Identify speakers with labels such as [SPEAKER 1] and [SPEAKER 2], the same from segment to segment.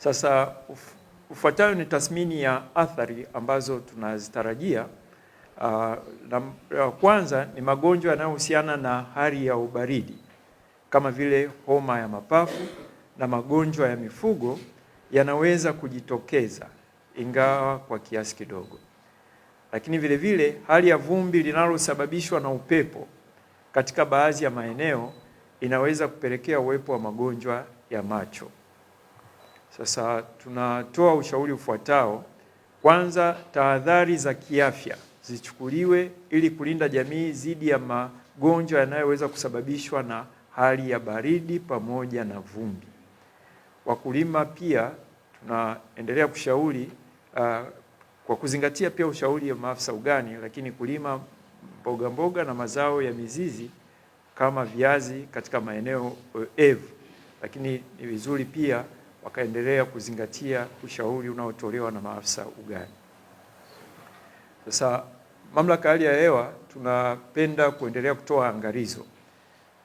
[SPEAKER 1] Sasa uf, ufuatayo ni tathmini ya athari ambazo tunazitarajia. Uh, na kwanza ni magonjwa yanayohusiana na hali ya ubaridi kama vile homa ya mapafu na magonjwa ya mifugo yanaweza kujitokeza ingawa kwa kiasi kidogo. Lakini vile vile hali ya vumbi linalosababishwa na upepo katika baadhi ya maeneo inaweza kupelekea uwepo wa magonjwa ya macho. Sasa tunatoa ushauri ufuatao. Kwanza, tahadhari za kiafya zichukuliwe ili kulinda jamii dhidi ya magonjwa yanayoweza kusababishwa na hali ya baridi pamoja na vumbi. Wakulima pia tunaendelea kushauri uh, kwa kuzingatia pia ushauri wa maafisa ugani, lakini kulima mboga mboga na mazao ya mizizi kama viazi katika maeneo eh, evu, lakini ni vizuri pia wakaendelea kuzingatia ushauri unaotolewa na maafisa ugani. Sasa mamlaka hali ya hewa tunapenda kuendelea kutoa angalizo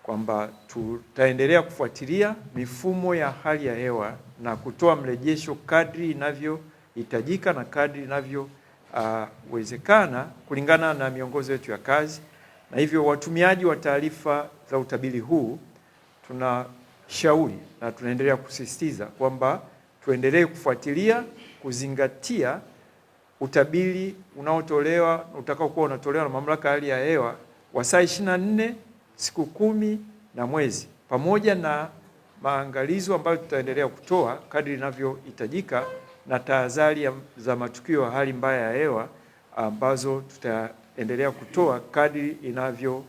[SPEAKER 1] kwamba tutaendelea kufuatilia mifumo ya hali ya hewa na kutoa mrejesho kadri inavyohitajika na kadri inavyowezekana uh, kulingana na miongozo yetu ya kazi, na hivyo watumiaji wa taarifa za utabiri huu tuna shauri na tunaendelea kusisitiza kwamba tuendelee kufuatilia, kuzingatia utabiri unaotolewa utakaokuwa unatolewa na mamlaka ya hali ya hewa wa saa ishirini na nne siku kumi na mwezi pamoja na maangalizo ambayo tutaendelea kutoa kadri inavyohitajika na tahadhari za matukio ya hali mbaya ya hewa ambazo tutaendelea kutoa kadri inavyo